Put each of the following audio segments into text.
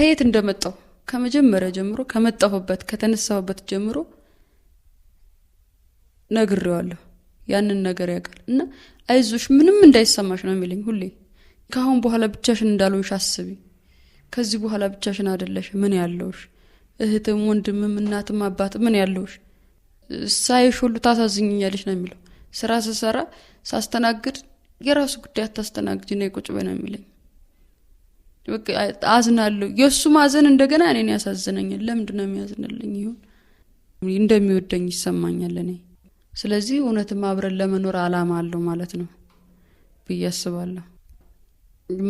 ከየት እንደመጣው ከመጀመሪያ ጀምሮ ከመጣሁበት ከተነሳሁበት ጀምሮ ነግሬዋለሁ። ያንን ነገር ያውቃል እና አይዞሽ ምንም እንዳይሰማሽ ነው የሚለኝ ሁሌ። ከአሁን በኋላ ብቻሽን እንዳልሆንሽ አስቢ። ከዚህ በኋላ ብቻሽን አደለሽ። ምን ያለውሽ እህትም፣ ወንድምም፣ እናትም፣ አባት ምን ያለውሽ ሳይሽ ሁሉ ታሳዝኝኛለሽ ነው የሚለው። ስራ ስሰራ ሳስተናግድ የራሱ ጉዳይ አታስተናግጅ ነው የቁጭበ ነው የሚለኝ። አዝናለሁ። የእሱ ማዘን እንደገና እኔን ያሳዝነኛል። ለምንድን ነው የሚያዝንልኝ? ይሁን እንደሚወደኝ ይሰማኛል እኔ። ስለዚህ እውነትም አብረን ለመኖር አላማ አለው ማለት ነው ብዬ አስባለሁ።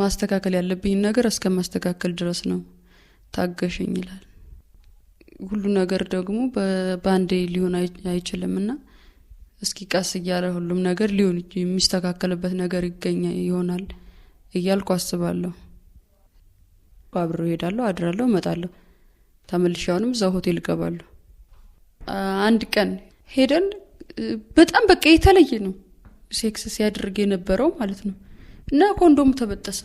ማስተካከል ያለብኝን ነገር እስከ ማስተካከል ድረስ ነው ታገሸኝ ይላል። ሁሉ ነገር ደግሞ በአንዴ ሊሆን አይችልም እስኪ ቀስ እያለ ሁሉም ነገር ሊሆን የሚስተካከልበት ነገር ይገኛ ይሆናል እያልኩ አስባለሁ። አብሮ እሄዳለሁ፣ አድራለሁ፣ እመጣለሁ። ተመልሼ አሁንም እዛ ሆቴል እገባለሁ። አንድ ቀን ሄደን በጣም በቃ የተለየ ነው ሴክስ ሲያደርግ የነበረው ማለት ነው። እና ኮንዶም ተበጠሰ።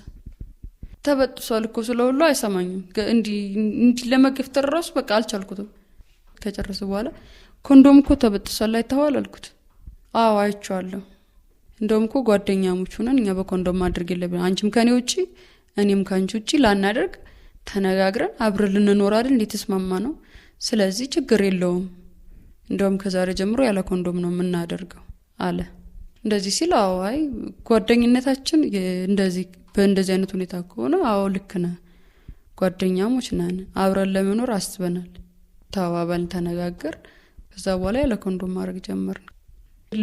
ተበጥሷል እኮ ስለሁሉ አይሰማኝም። እንዲህ ለመገፍተር ራሱ በቃ አልቻልኩትም። ከጨረሰ በኋላ ኮንዶም እኮ ተበጥሷል አይተኸዋል አልኩት። አዎ አይቼዋለሁ። እንደውም እኮ ጓደኛሞች ሆነን እኛ በኮንዶም አድርግ የለብን አንቺም ከኔ ውጪ እኔም ከአንቺ ውጭ ላናደርግ ተነጋግረን አብረን ልንኖር አይደል የተስማማ ነው። ስለዚህ ችግር የለውም። እንደውም ከዛሬ ጀምሮ ያለ ኮንዶም ነው የምናደርገው አለ። እንደዚህ ሲል አዎ፣ አይ ጓደኝነታችን እንደዚህ በእንደዚህ አይነት ሁኔታ ከሆነ አዎ ልክ ነህ፣ ጓደኛሞች ነን፣ አብረን ለመኖር አስበናል ተባባልን፣ ተነጋገር። ከዛ በኋላ ያለ ኮንዶም ማድረግ ጀመርን።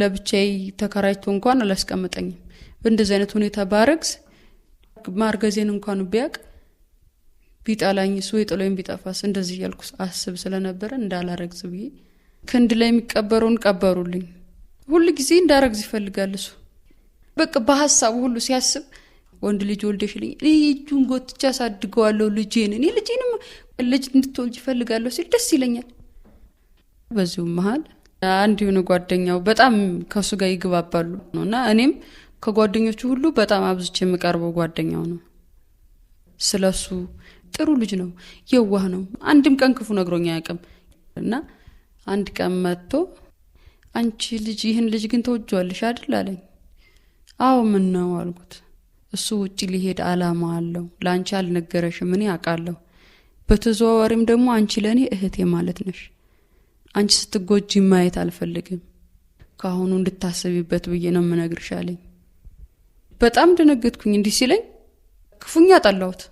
ለብቻዬ ተከራይቶ እንኳን አላስቀምጠኝም። በእንደዚህ አይነት ሁኔታ ባረግስ ማርገዜን እንኳን ቢያቅ ቢጠላኝ እሱ የጥሎኝ ቢጠፋስ እንደዚህ እያልኩ አስብ ስለነበረ እንዳላረግዝ ብዬ ክንድ ላይ የሚቀበረውን ቀበሩልኝ። ሁሉ ጊዜ እንዳረግዝ ይፈልጋል እሱ። በቃ በሀሳቡ ሁሉ ሲያስብ ወንድ ልጅ ወልደሽልኝ እኔ እጁን ጎትቼ አሳድገዋለሁ ልጄን እኔ ልጄንም ልጅ እንድትወልጅ ይፈልጋለሁ ሲል ደስ ይለኛል። በዚሁም መሀል አንድ የሆነ ጓደኛው በጣም ከሱ ጋር ይግባባሉ እና እኔም ከጓደኞቹ ሁሉ በጣም አብዝቼ የምቀርበው ጓደኛው ነው። ስለሱ ጥሩ ልጅ ነው፣ የዋህ ነው። አንድም ቀን ክፉ ነግሮኝ አያውቅም። እና አንድ ቀን መጥቶ አንቺ ልጅ ይህን ልጅ ግን ተወጇዋልሽ አይደል አለኝ። አዎ ምን ነው አልኩት። እሱ ውጭ ሊሄድ አላማ አለው። ለአንቺ አልነገረሽም፣ እኔ አውቃለሁ። በተዘዋዋሪም ደግሞ አንቺ ለእኔ እህቴ ማለት ነሽ። አንቺ ስትጎጂ ማየት አልፈልግም። ከአሁኑ እንድታስቢበት ብዬ ነው የምነግርሽ አለኝ። በጣም ደነገጥኩኝ። እንዲህ ሲለኝ ክፉኛ ጠላሁት።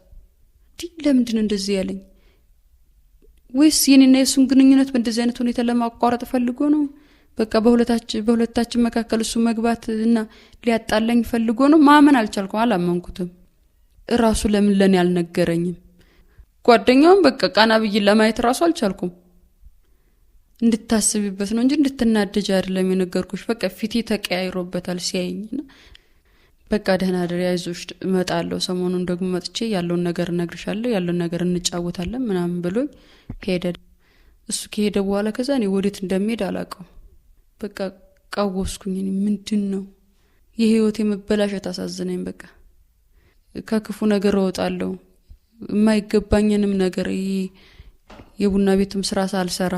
እንዲህ ለምንድን እንደዚህ ያለኝ? ወይስ የኔና የእሱን ግንኙነት በእንደዚህ አይነት ሁኔታ ለማቋረጥ ፈልጎ ነው? በቃ በሁለታችን መካከል እሱ መግባት እና ሊያጣለኝ ፈልጎ ነው? ማመን አልቻልኩም። አላመንኩትም። እራሱ ለምን ለእኔ አልነገረኝም? ጓደኛውም በቃ ቃና ብዬ ለማየት እራሱ አልቻልኩም። እንድታስቢበት ነው እንጂ እንድትናደጅ አይደለም የነገርኩሽ። በቃ ፊቴ ተቀያይሮበታል ሲያየኝ። በቃ ደህና ደሪ አይዞሽ፣ እመጣለሁ። ሰሞኑን ደግሞ መጥቼ ያለውን ነገር እነግርሻለሁ፣ ያለውን ነገር እንጫወታለን ምናምን ብሎኝ ሄደ። እሱ ከሄደ በኋላ ከዛ እኔ ወዴት እንደሚሄድ አላውቀው። በቃ ቀወስኩኝ። ምንድን ነው የህይወት የመበላሸት አሳዝነኝ። በቃ ከክፉ ነገር እወጣለሁ፣ የማይገባኝንም ነገር የቡና ቤትም ስራ ሳልሰራ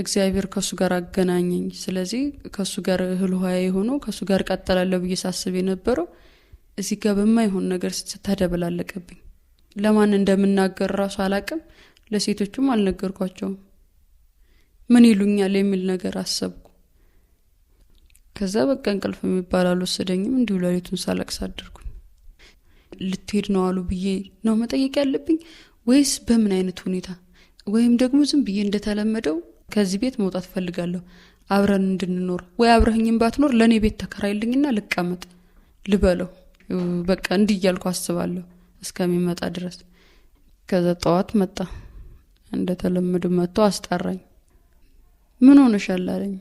እግዚአብሔር ከእሱ ጋር አገናኘኝ። ስለዚህ ከእሱ ጋር እህል ውሃ የሆነው ከእሱ ጋር ቀጠላለሁ ብዬ ሳስብ የነበረው እዚህ ጋር በማይሆን ነገር ስታደበላለቀብኝ ለማን እንደምናገር ራሱ አላቅም። ለሴቶቹም አልነገርኳቸውም። ምን ይሉኛል የሚል ነገር አሰብኩ። ከዛ በቃ እንቅልፍ የሚባል አልወሰደኝም። እንዲሁ ለሌቱን ሳለቅስ አድርጉኝ ልትሄድ ነው አሉ ብዬ ነው መጠየቅ ያለብኝ ወይስ በምን አይነት ሁኔታ ወይም ደግሞ ዝም ብዬ እንደተለመደው ከዚህ ቤት መውጣት ፈልጋለሁ አብረን እንድንኖር ወይ አብረህኝም ባትኖር ለእኔ ቤት ተከራይልኝና ልቀመጥ ልበለው። በቃ እንዲህ እያልኩ አስባለሁ እስከሚመጣ ድረስ። ከዛ ጠዋት መጣ። እንደተለመደ መጥቶ አስጠራኝ። ምን ሆነሻል አለኝ።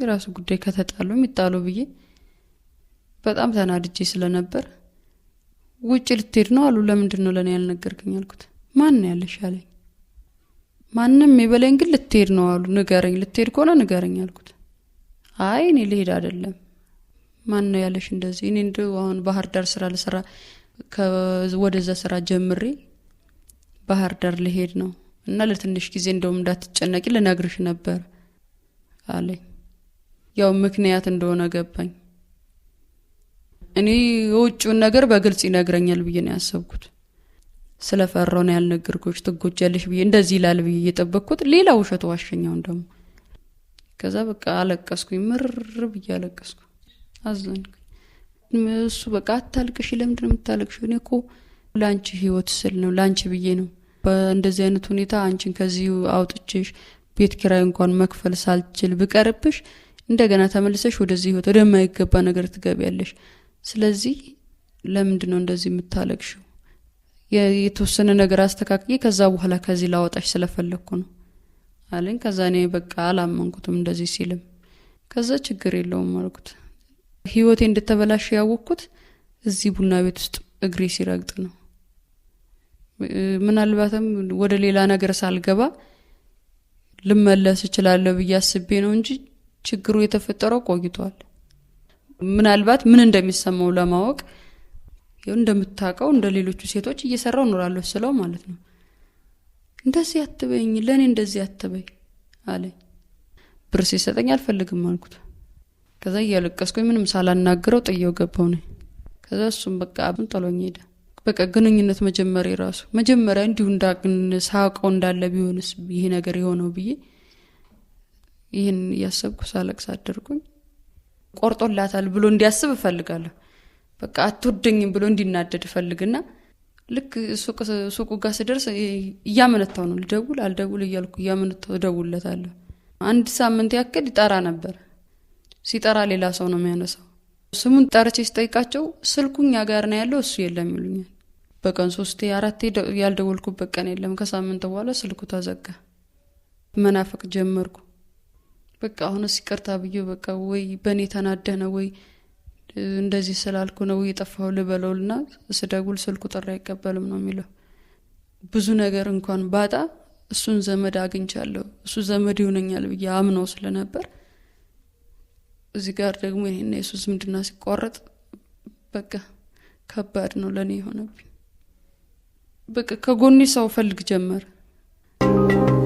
የራሱ ጉዳይ ከተጣሉ የሚጣሉ ብዬ በጣም ተናድጄ ስለነበር ውጭ ልትሄድ ነው አሉ። ለምንድን ነው ለእኔ ያልነገርክኝ አልኩት። ማን ያለሽ አለኝ። ማንም የበለኝ ግን ልትሄድ ነው አሉ። ንገረኝ፣ ልትሄድ ከሆነ ንገረኝ አልኩት። አይ እኔ ልሄድ አይደለም። ማን ነው ያለሽ እንደዚህ? እኔ እንደ አሁን ባህር ዳር ስራ ልሰራ ወደዛ ስራ ጀምሬ ባህር ዳር ልሄድ ነው እና ለትንሽ ጊዜ እንደውም እንዳትጨነቂ ልነግርሽ ነበር አለኝ። ያው ምክንያት እንደሆነ ገባኝ። እኔ የውጭውን ነገር በግልጽ ይነግረኛል ብዬ ነው ያሰብኩት። ስለ ነው ያልነገርኩሽ ትጎጃለሽ ብዬ እንደዚህ ይላል ብዬ እየጠበቅኩት ሌላ ውሸት ዋሸኛውን ደግሞ ከዛ በቃ አለቀስኩኝ። ምር ብዬ አለቀስኩ፣ አዘንኩኝ። እሱ በቃ አታልቅሽ፣ ለምንድን ነው የምታለቅሽ? እኔ እኮ ለአንቺ ህይወት ስል ነው ለአንቺ ብዬ ነው በእንደዚህ አይነት ሁኔታ አንቺን ከዚህ አውጥቼሽ ቤት ኪራይ እንኳን መክፈል ሳልችል ብቀርብሽ እንደገና ተመልሰሽ ወደዚህ ህይወት ወደማይገባ ነገር ትገቢያለሽ። ስለዚህ ለምንድን ነው እንደዚህ የምታለቅሽው? የተወሰነ ነገር አስተካክዬ ከዛ በኋላ ከዚህ ላወጣሽ ስለፈለግኩ ነው አለኝ። ከዛ እኔ በቃ አላመንኩትም እንደዚህ ሲልም። ከዛ ችግር የለውም አልኩት። ህይወቴ እንድተበላሽ ያወቅኩት እዚህ ቡና ቤት ውስጥ እግሬ ሲረግጥ ነው። ምናልባትም ወደ ሌላ ነገር ሳልገባ ልመለስ እችላለሁ ብዬ አስቤ ነው እንጂ ችግሩ የተፈጠረው ቆይቷል። ምናልባት ምን እንደሚሰማው ለማወቅ ይሁን እንደምታውቀው እንደ ሌሎቹ ሴቶች እየሰራው እኖራለሁ ስለው ማለት ነው። እንደዚህ አትበይኝ ለእኔ እንደዚህ አትበይ አለኝ። ብር ሲሰጠኝ አልፈልግም አልኩት። ከዛ እያለቀስኩኝ ምንም ሳላናግረው ጥየው ገባው ነኝ። ከዛ እሱም በቃ አብን ጠሎኝ ሄደ። በቃ ግንኙነት መጀመር ራሱ መጀመሪያ እንዲሁ እንዳግን ሳውቀው እንዳለ ቢሆንስ ይሄ ነገር የሆነው ብዬ ይህን እያሰብኩ ሳለቅስ አደርጉኝ። ቆርጦላታል ብሎ እንዲያስብ እፈልጋለሁ። በቃ አትወደኝም ብሎ እንዲናደድ እፈልግና ልክ ሱቁ ጋር ስደርስ እያመነታው ነው ልደውል አልደውል እያልኩ እያመነታው እደውልለታለሁ። አንድ ሳምንት ያክል ይጠራ ነበር። ሲጠራ ሌላ ሰው ነው የሚያነሳው። ስሙን ጠርቼ ሲጠይቃቸው ስልኩኛ ጋር ነው ያለው እሱ የለም ይሉኛል። በቀን ሶስቴ አራቴ ያልደወልኩበት ቀን የለም። ከሳምንት በኋላ ስልኩ ተዘጋ። መናፈቅ ጀመርኩ። በቃ አሁን ሲቀርታ ብዬ በቃ ወይ በእኔ ተናደነ ወይ እንደዚህ ስላልኩ ነው የጠፋው ልና ስደጉል ስልኩ ጥሪ አይቀበልም ነው የሚለው። ብዙ ነገር እንኳን ባጣ እሱን ዘመድ አግኝቻለሁ እሱ ዘመድ ይሆነኛል ብዬ አምነው ስለነበር እዚህ ጋር ደግሞ ይሄና የሱ ዝምድና ሲቋረጥ በቃ ከባድ ነው ለእኔ የሆነብኝ። በቃ ከጎኒ ሰው ፈልግ you.